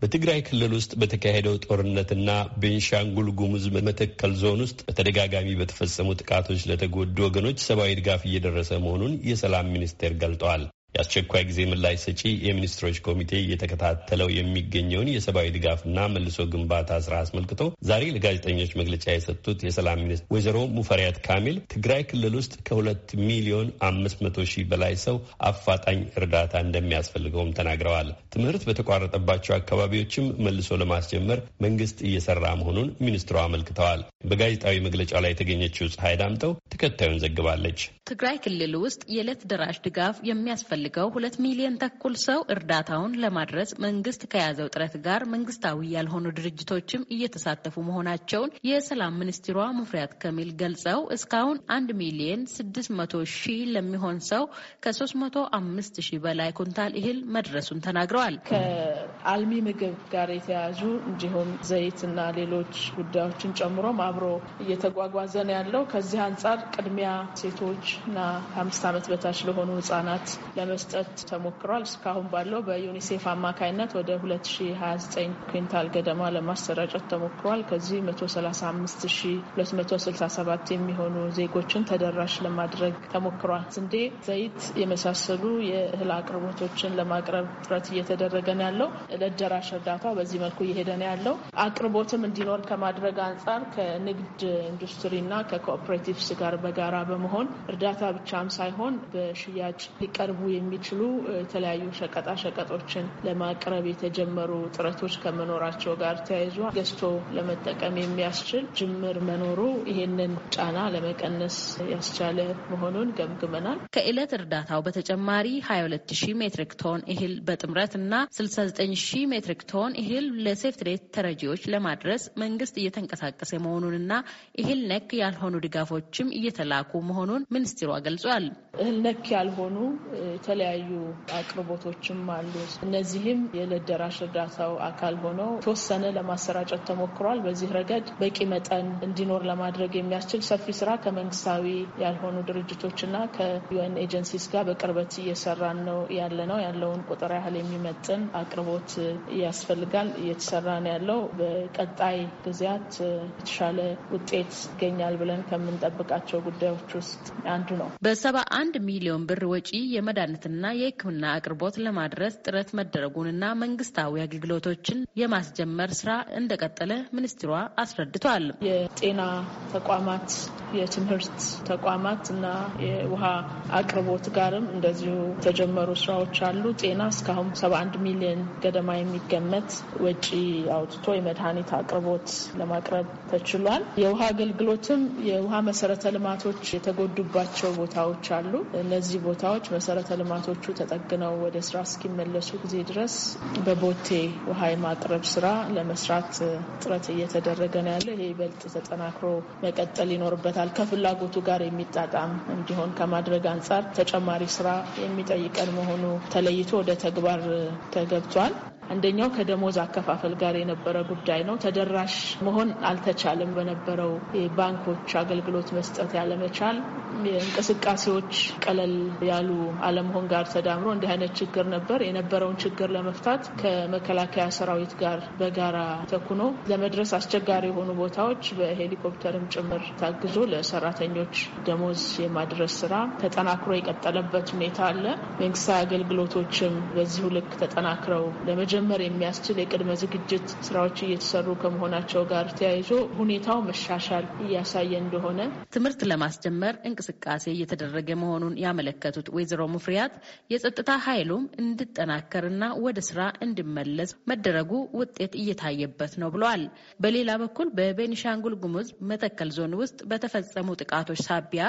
በትግራይ ክልል ውስጥ በተካሄደው ጦርነትና ቤንሻንጉል ጉሙዝ መተከል ዞን ውስጥ በተደጋጋሚ በተፈጸሙ ጥቃቶች ለተጎዱ ወገኖች ሰብአዊ ድጋፍ እየደረሰ መሆኑን የሰላም ሚኒስቴር ገልጠዋል። የአስቸኳይ ጊዜ ምላሽ ሰጪ የሚኒስትሮች ኮሚቴ እየተከታተለው የሚገኘውን የሰብአዊ ድጋፍና መልሶ ግንባታ ስራ አስመልክቶ ዛሬ ለጋዜጠኞች መግለጫ የሰጡት የሰላም ሚኒስትር ወይዘሮ ሙፈሪያት ካሚል ትግራይ ክልል ውስጥ ከሁለት ሚሊዮን አምስት መቶ ሺህ በላይ ሰው አፋጣኝ እርዳታ እንደሚያስፈልገውም ተናግረዋል። ትምህርት በተቋረጠባቸው አካባቢዎችም መልሶ ለማስጀመር መንግስት እየሰራ መሆኑን ሚኒስትሯ አመልክተዋል። በጋዜጣዊ መግለጫው ላይ የተገኘችው ፀሐይ ዳምጠው ተከታዩን ዘግባለች። ትግራይ ክልል ውስጥ የዕለት ደራሽ ድጋፍ የሚያስፈልግ ለሚፈልገው ሁለት ሚሊዮን ተኩል ሰው እርዳታውን ለማድረስ መንግስት ከያዘው ጥረት ጋር መንግስታዊ ያልሆኑ ድርጅቶችም እየተሳተፉ መሆናቸውን የሰላም ሚኒስትሯ ሙፍሪያት ከሚል ገልጸው እስካሁን አንድ ሚሊዮን ስድስት መቶ ሺህ ለሚሆን ሰው ከሶስት መቶ አምስት ሺህ በላይ ኩንታል እህል መድረሱን ተናግረዋል። ከአልሚ ምግብ ጋር የተያዙ እንዲሁም ዘይትና ሌሎች ጉዳዮችን ጨምሮም አብሮ እየተጓጓዘ ነው ያለው። ከዚህ አንጻር ቅድሚያ ሴቶች ሴቶችና ከአምስት ዓመት በታች ለሆኑ ህጻናት ለመስጠት ተሞክሯል። እስካሁን ባለው በዩኒሴፍ አማካይነት ወደ 2029 ኩንታል ገደማ ለማሰራጨት ተሞክሯል። ከዚህ 135267 የሚሆኑ ዜጎችን ተደራሽ ለማድረግ ተሞክሯል። ስንዴ፣ ዘይት የመሳሰሉ የእህል አቅርቦቶችን ለማቅረብ ጥረት እየተደረገ ነው ያለው። ለደራሽ እርዳታ በዚህ መልኩ እየሄደ ነው ያለው። አቅርቦትም እንዲኖር ከማድረግ አንጻር ከንግድ ኢንዱስትሪና ከኮኦፕሬቲቭስ ጋር በጋራ በመሆን እርዳታ ብቻም ሳይሆን በሽያጭ ሊቀርቡ የሚችሉ የተለያዩ ሸቀጣ ሸቀጦችን ለማቅረብ የተጀመሩ ጥረቶች ከመኖራቸው ጋር ተያይዞ ገዝቶ ለመጠቀም የሚያስችል ጅምር መኖሩ ይህንን ጫና ለመቀነስ ያስቻለ መሆኑን ገምግመናል። ከእለት እርዳታው በተጨማሪ 220 ሜትሪክ ቶን እህል በጥምረት እና 69 ሜትሪክ ቶን እህል ለሴፍትሬት ተረጂዎች ለማድረስ መንግስት እየተንቀሳቀሰ መሆኑንና እህል ነክ ያልሆኑ ድጋፎችም እየተላኩ መሆኑን ሚኒስትሯ ገልጿል። እህል ነክ ያልሆኑ የተለያዩ አቅርቦቶችም አሉ። እነዚህም የዕለት ደራሽ እርዳታው አካል ሆነው ተወሰነ ለማሰራጨት ተሞክሯል። በዚህ ረገድ በቂ መጠን እንዲኖር ለማድረግ የሚያስችል ሰፊ ስራ ከመንግስታዊ ያልሆኑ ድርጅቶችና ከዩኤን ኤጀንሲስ ጋር በቅርበት እየሰራን ነው ያለ ነው። ያለውን ቁጥር ያህል የሚመጥን አቅርቦት ያስፈልጋል፣ እየተሰራ ነው ያለው። በቀጣይ ጊዜያት የተሻለ ውጤት ይገኛል ብለን ከምንጠብቃቸው ጉዳዮች ውስጥ አንዱ ነው። በሰባ አንድ ሚሊዮን ብር ወጪ የመዳን መድኃኒትና የሕክምና አቅርቦት ለማድረስ ጥረት መደረጉንና መንግስታዊ አገልግሎቶችን የማስጀመር ስራ እንደቀጠለ ሚኒስትሯ አስረድቷል። የጤና ተቋማት፣ የትምህርት ተቋማት እና የውሃ አቅርቦት ጋርም እንደዚሁ የተጀመሩ ስራዎች አሉ። ጤና እስካሁን 71 ሚሊዮን ገደማ የሚገመት ወጪ አውጥቶ የመድኃኒት አቅርቦት ለማቅረብ ተችሏል። የውሃ አገልግሎትም የውሃ መሰረተ ልማቶች የተጎዱባቸው ቦታዎች አሉ። እነዚህ ቦታዎች መሰረተ ልማቶቹ ተጠግነው ወደ ስራ እስኪመለሱ ጊዜ ድረስ በቦቴ ውሃ የማቅረብ ስራ ለመስራት ጥረት እየተደረገ ነው ያለ። ይሄ ይበልጥ ተጠናክሮ መቀጠል ይኖርበታል። ከፍላጎቱ ጋር የሚጣጣም እንዲሆን ከማድረግ አንጻር ተጨማሪ ስራ የሚጠይቀን መሆኑ ተለይቶ ወደ ተግባር ተገብቷል። አንደኛው ከደሞዝ አከፋፈል ጋር የነበረ ጉዳይ ነው። ተደራሽ መሆን አልተቻለም። በነበረው የባንኮች አገልግሎት መስጠት ያለመቻል የእንቅስቃሴዎች ቀለል ያሉ አለመሆን ጋር ተዳምሮ እንዲህ አይነት ችግር ነበር። የነበረውን ችግር ለመፍታት ከመከላከያ ሰራዊት ጋር በጋራ ተኩኖ ለመድረስ አስቸጋሪ የሆኑ ቦታዎች በሄሊኮፕተርም ጭምር ታግዞ ለሰራተኞች ደሞዝ የማድረስ ስራ ተጠናክሮ የቀጠለበት ሁኔታ አለ። መንግስታዊ አገልግሎቶችም በዚሁ ልክ ተጠናክረው ለመጀመር የሚያስችል የቅድመ ዝግጅት ስራዎች እየተሰሩ ከመሆናቸው ጋር ተያይዞ ሁኔታው መሻሻል እያሳየ እንደሆነ ትምህርት ለማስጀመር እንቅስቃሴ እየተደረገ መሆኑን ያመለከቱት ወይዘሮ ሙፍሪያት የጸጥታ ኃይሉም እንዲጠናከርና ወደ ስራ እንዲመለስ መደረጉ ውጤት እየታየበት ነው ብለዋል። በሌላ በኩል በቤኒሻንጉል ጉሙዝ መተከል ዞን ውስጥ በተፈጸሙ ጥቃቶች ሳቢያ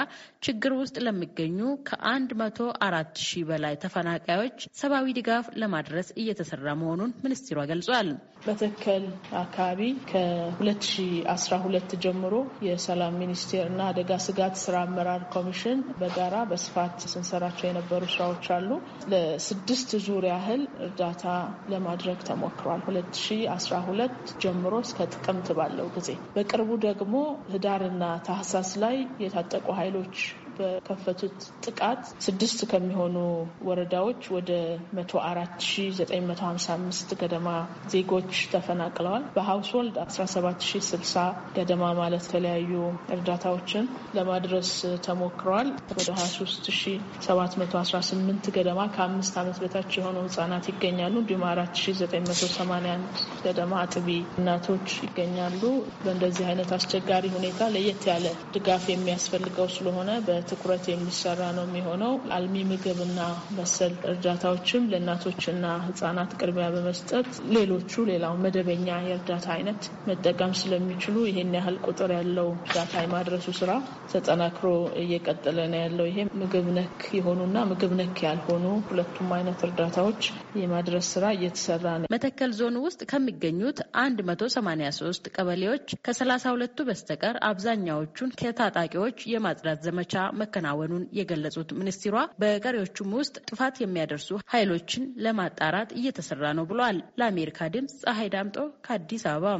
ችግር ውስጥ ለሚገኙ ከአንድ መቶ አራት ሺህ በላይ ተፈናቃዮች ሰብአዊ ድጋፍ ለማድረስ እየተሰራ መሆኑን ሚኒስትሯ ገልጿል። መተከል አካባቢ ከ2012 ጀምሮ የሰላም ሚኒስቴር እና አደጋ ስጋት ስራ አመራር ሰላም ኮሚሽን በጋራ በስፋት ስንሰራቸው የነበሩ ስራዎች አሉ። ለስድስት ዙር ያህል እርዳታ ለማድረግ ተሞክሯል። 2012 ጀምሮ እስከ ጥቅምት ባለው ጊዜ በቅርቡ ደግሞ ህዳርና ታህሳስ ላይ የታጠቁ ኃይሎች በከፈቱት ጥቃት ስድስት ከሚሆኑ ወረዳዎች ወደ አምስት ገደማ ዜጎች ተፈናቅለዋል። በሀውስሆልድ ስልሳ ገደማ ማለት የተለያዩ እርዳታዎችን ለማድረስ ተሞክረዋል። ወደ 23718 ገደማ ከአምስት ዓመት በታች የሆኑ ህጻናት ይገኛሉ። እንዲሁም አንድ ገደማ አጥቢ እናቶች ይገኛሉ። በእንደዚህ አይነት አስቸጋሪ ሁኔታ ለየት ያለ ድጋፍ የሚያስፈልገው ስለሆነ ትኩረት የሚሰራ ነው የሚሆነው። አልሚ ምግብና መሰል እርዳታዎችም ለእናቶችና ህጻናት ቅድሚያ በመስጠት ሌሎቹ ሌላው መደበኛ የእርዳታ አይነት መጠቀም ስለሚችሉ ይሄን ያህል ቁጥር ያለው እርዳታ የማድረሱ ስራ ተጠናክሮ እየቀጠለ ነው ያለው። ይሄ ምግብ ነክ የሆኑና ምግብ ነክ ያልሆኑ ሁለቱም አይነት እርዳታዎች የማድረስ ስራ እየተሰራ ነው። መተከል ዞን ውስጥ ከሚገኙት 183 ቀበሌዎች ከ32ቱ በስተቀር አብዛኛዎቹን ከታጣቂዎች የማጽዳት ዘመቻ መከናወኑን የገለጹት ሚኒስትሯ በቀሪዎቹም ውስጥ ጥፋት የሚያደርሱ ኃይሎችን ለማጣራት እየተሰራ ነው ብሏል። ለአሜሪካ ድምፅ ፀሐይ ዳምጦ ከአዲስ አበባ